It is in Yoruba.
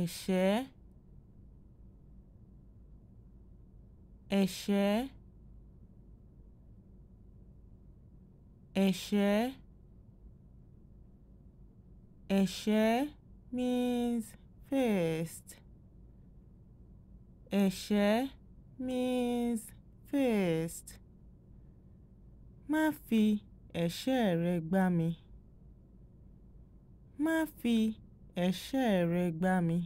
ẹ̀ṣẹ́ ẹ̀ṣẹ́ ẹ̀ṣẹ́ ẹ̀ṣẹ́ means first ẹ̀ṣẹ́ means first má fi ẹ̀ṣẹ́ rẹ gbá mi má fi ẹ̀ṣẹ̀ rẹ gbà mí